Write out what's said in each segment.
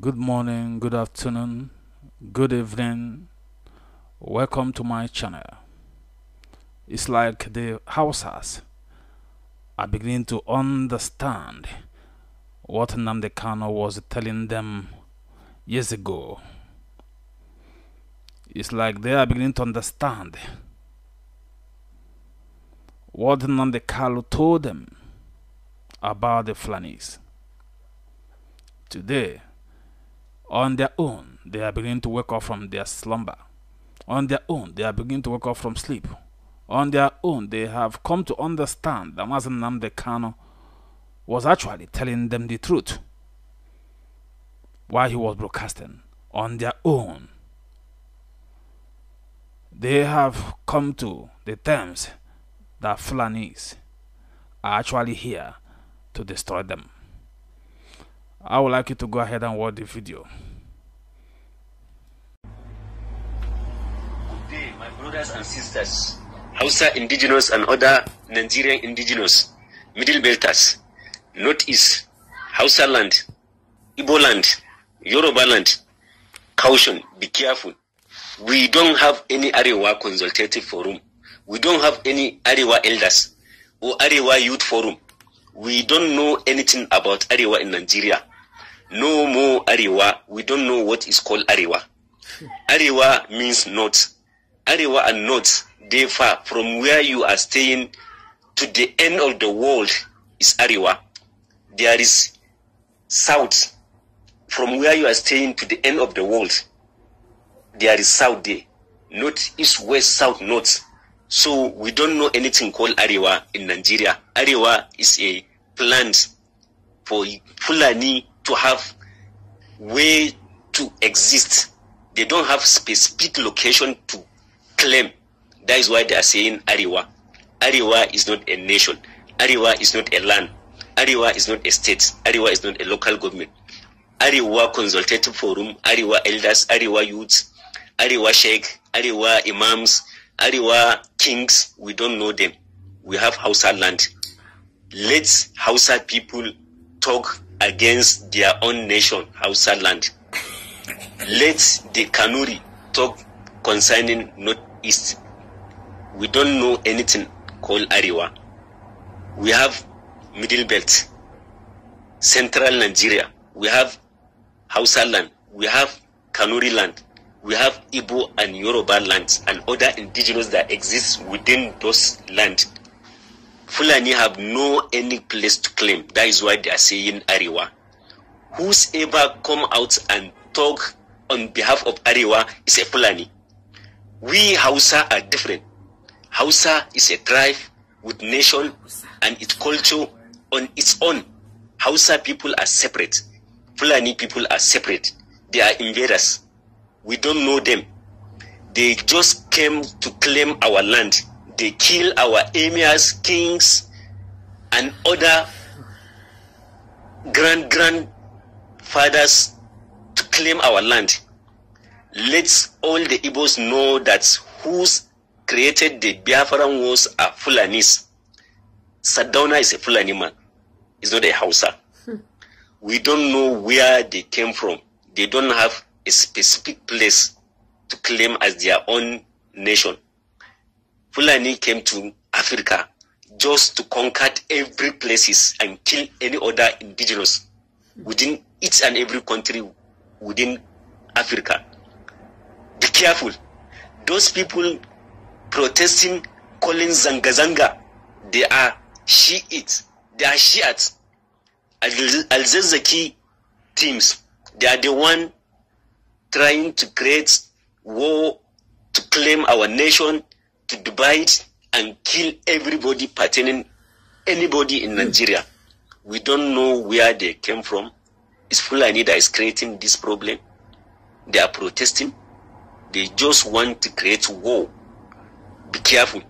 Good morning, good afternoon, good evening. Welcome to my channel. It's like the houses are beginning to understand what Namdekano was telling them years ago. It's like they are beginning to understand what Namde told them about the Flanis. Today, on their own, they are beginning to wake up from their slumber. On their own, they are beginning to wake up from sleep. On their own, they have come to understand that Mazen Namde Kano was actually telling them the truth while he was broadcasting. On their own, they have come to the terms that flanese are actually here to destroy them. I would like you to go ahead and watch the video. Good day, my brothers and sisters, Hausa indigenous and other Nigerian indigenous, Middle Belters, Northeast, Hausa land, Igbo land, Yoruba land, caution, be careful. We don't have any Arewa consultative forum. We don't have any Arewa elders or Arewa youth forum. We don't know anything about Arewa in Nigeria. no more Ariwa. We don't know what is called Ariwa. Ariwa means north. Ariwa and north, they far from where you are staying to the end of the world is Ariwa. There is south. From where you are staying to the end of the world, there is south there. North, east, west, south, north. So we don't know anything called Ariwa in Nigeria. Ariwa is a plant for Fulani to have way to exist. They don't have specific location to claim. That is why they are saying Ariwa. Ariwa is not a nation. Ariwa is not a land. Ariwa is not a state. Ariwa is not a local government. Ariwa Consultative Forum, Ariwa Elders, Ariwa Youths, Ariwa Sheikh, Ariwa Imams, Ariwa Kings. We don't know them. We have Hausa land. Let Hausa people talk against their own nation, Hausa land. Let the Kanuri talk concerning Northeast. We don't know anything called Ariwa. We have Middle Belt, Central Nigeria. We have Hausa land. We have Kanuri land. We have Ibo and Yoruba lands and other indigenous that exist within those lands Fulani have no any place to claim. That is why they are saying Arewa. Who's ever come out and talk on behalf of Arewa is a Fulani. We Hausa are different. Hausa is a tribe with nation and its culture on its own. Hausa people are separate. Fulani people are separate. They are invaders. We don't know them. They just came to claim our land they kill our emirs, kings, and other grand grandfathers to claim our land. Let all the Igbos know that who's created the Biafran wars are Fulanis. sadona is a Fulani man. He's not a Hausa. Hmm. We don't know where they came from. They don't have a specific place to claim as their own nation. Fulani came to Africa just to conquer every places and kill any other indigenous within each and every country within Africa. Be careful. Those people protesting, calling Zanga-Zanga, they are Shiites, they are Shiites. Al-Zazaki teams, they are the one trying to create war to claim our nation to divide and kill everybody pertaining anybody in Nigeria. We don't know where they came from. It's Fulani that is creating this problem. They are protesting. They just want to create war. Be careful.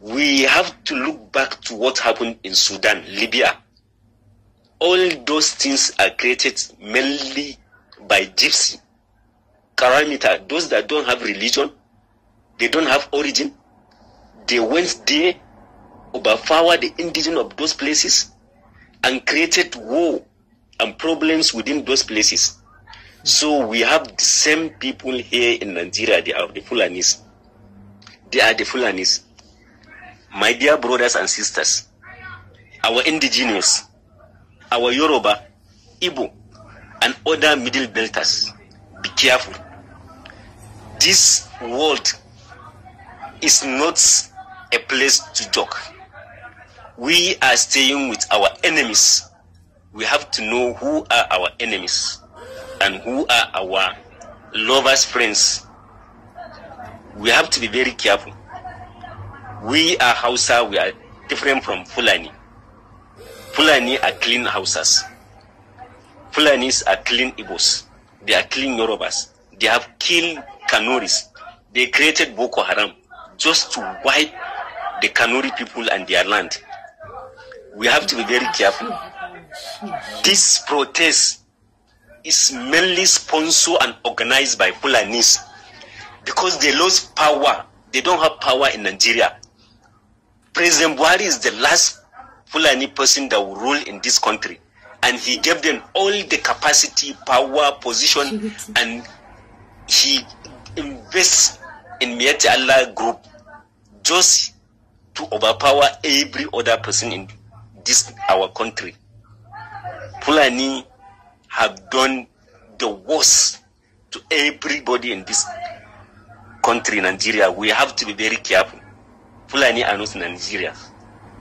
We have to look back to what happened in Sudan, Libya. All those things are created mainly by gypsy, Karamita, those that don't have religion, They don't have origin. They went there, overpowered the indigenous of those places, and created war and problems within those places. So we have the same people here in Nigeria. They are the Fulanis. They are the Fulanis. My dear brothers and sisters, our indigenous, our Yoruba, Igbo, and other middle belters, be careful. This world is not a place to joke. We are staying with our enemies. We have to know who are our enemies and who are our lovers, friends. We have to be very careful. We are Hausa, we are different from Fulani. Fulani are clean houses. Fulanis are clean Igbos. They are clean Yorubas. They have killed Kanoris. They created Boko Haram. just to wipe the Kanuri people and their land. We have to be very careful. This protest is mainly sponsored and organized by Fulanis because they lost power. They don't have power in Nigeria. President Buhari is the last Fulani person that will rule in this country. And he gave them all the capacity, power, position, and he invests in Mieti Allah group just to overpower every other person in this our country. Fulani have done the worst to everybody in this country, Nigeria. We have to be very careful. Fulani are not Nigeria.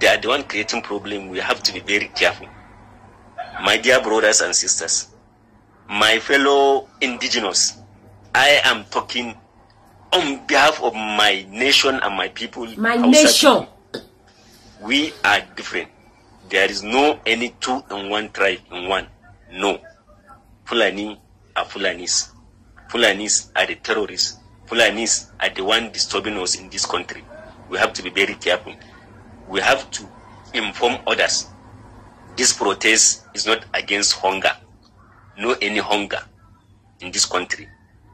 They are the one creating problem. We have to be very careful. My dear brothers and sisters, my fellow indigenous, I am talking on behalf of my nation and my people. My nation. People, we are different. There is no any two in one tribe in one. No. Fulani are Fulanis. Fulanis are the terrorists. Fulanis are the one disturbing us in this country. We have to be very careful. We have to inform others. This protest is not against hunger. No any hunger in this country.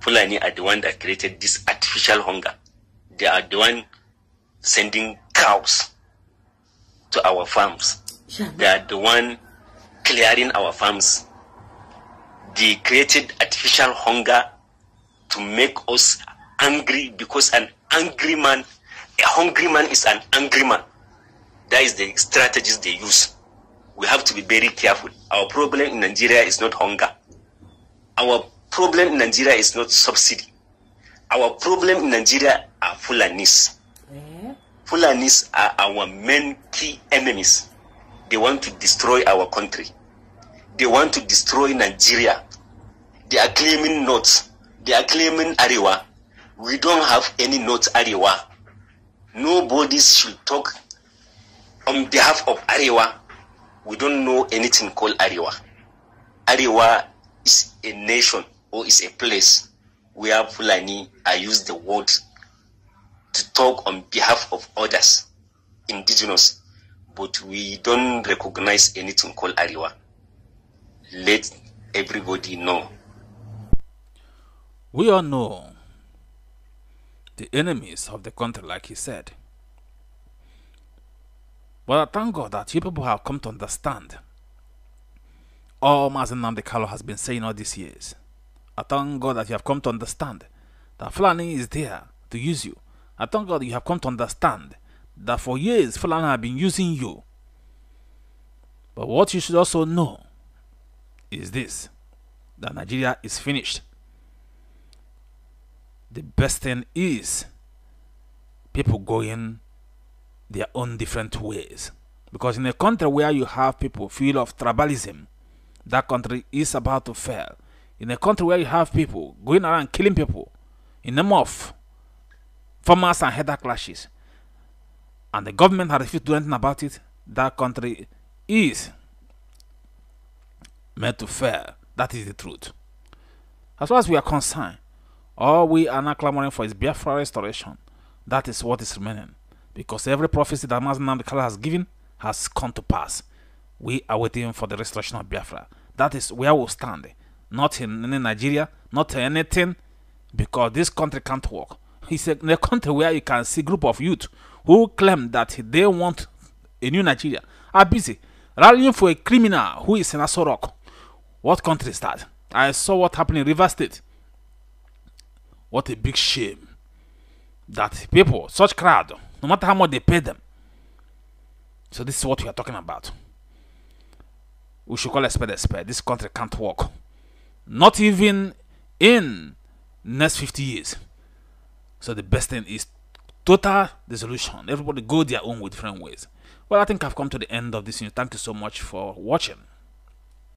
Fulani are the one that created this artificial hunger. They are the one sending cows to our farms. They are the one clearing our farms. They created artificial hunger to make us angry because an angry man, a hungry man is an angry man. That is the strategies they use. We have to be very careful. Our problem in Nigeria is not hunger. Our problem in Nigeria is not subsidy. Our problem in Nigeria are Fulanis. Mm-hmm. Fulanis are our main key enemies. They want to destroy our country. They want to destroy Nigeria. They are claiming notes. They are claiming Ariwa. We don't have any notes Ariwa. Nobody should talk on behalf of Ariwa. We don't know anything called Ariwa. Ariwa is a nation or is a place where Fulani, I use the word to talk on behalf of others, indigenous, but we don't recognize anything called Ariwa. Let everybody know. We all know the enemies of the country, like he said. But I thank God that you people have come to understand all Mazen Namdekalo has been saying all these years. I thank God that you have come to understand that Fulani is there to use you. I thank God you have come to understand that for years Fulani have been using you. But what you should also know is this that Nigeria is finished. The best thing is people going their own different ways. Because in a country where you have people full of tribalism, that country is about to fail in a country where you have people going around killing people in the of farmers and header clashes, and the government has refused to do anything about it, that country is meant to fail. That is the truth. As far as we are concerned, all we are now clamoring for is Biafra restoration. That is what is remaining. Because every prophecy that Mazen Kala has given has come to pass. We are waiting for the restoration of Biafra. That is where we stand not in, Nigeria, not anything, because this country can't work. It's a, a country where you can see group of youth who claim that they want a new Nigeria are busy rallying for a criminal who is in Asorok. What country is that? I saw what happened in River State. What a big shame that people, such crowd, no matter how much they pay them. So this is what we are talking about. We should call a spade a spade. This country can't work not even in next 50 years. So the best thing is total dissolution. Everybody go their own with different ways. Well, I think I've come to the end of this. Thank you so much for watching.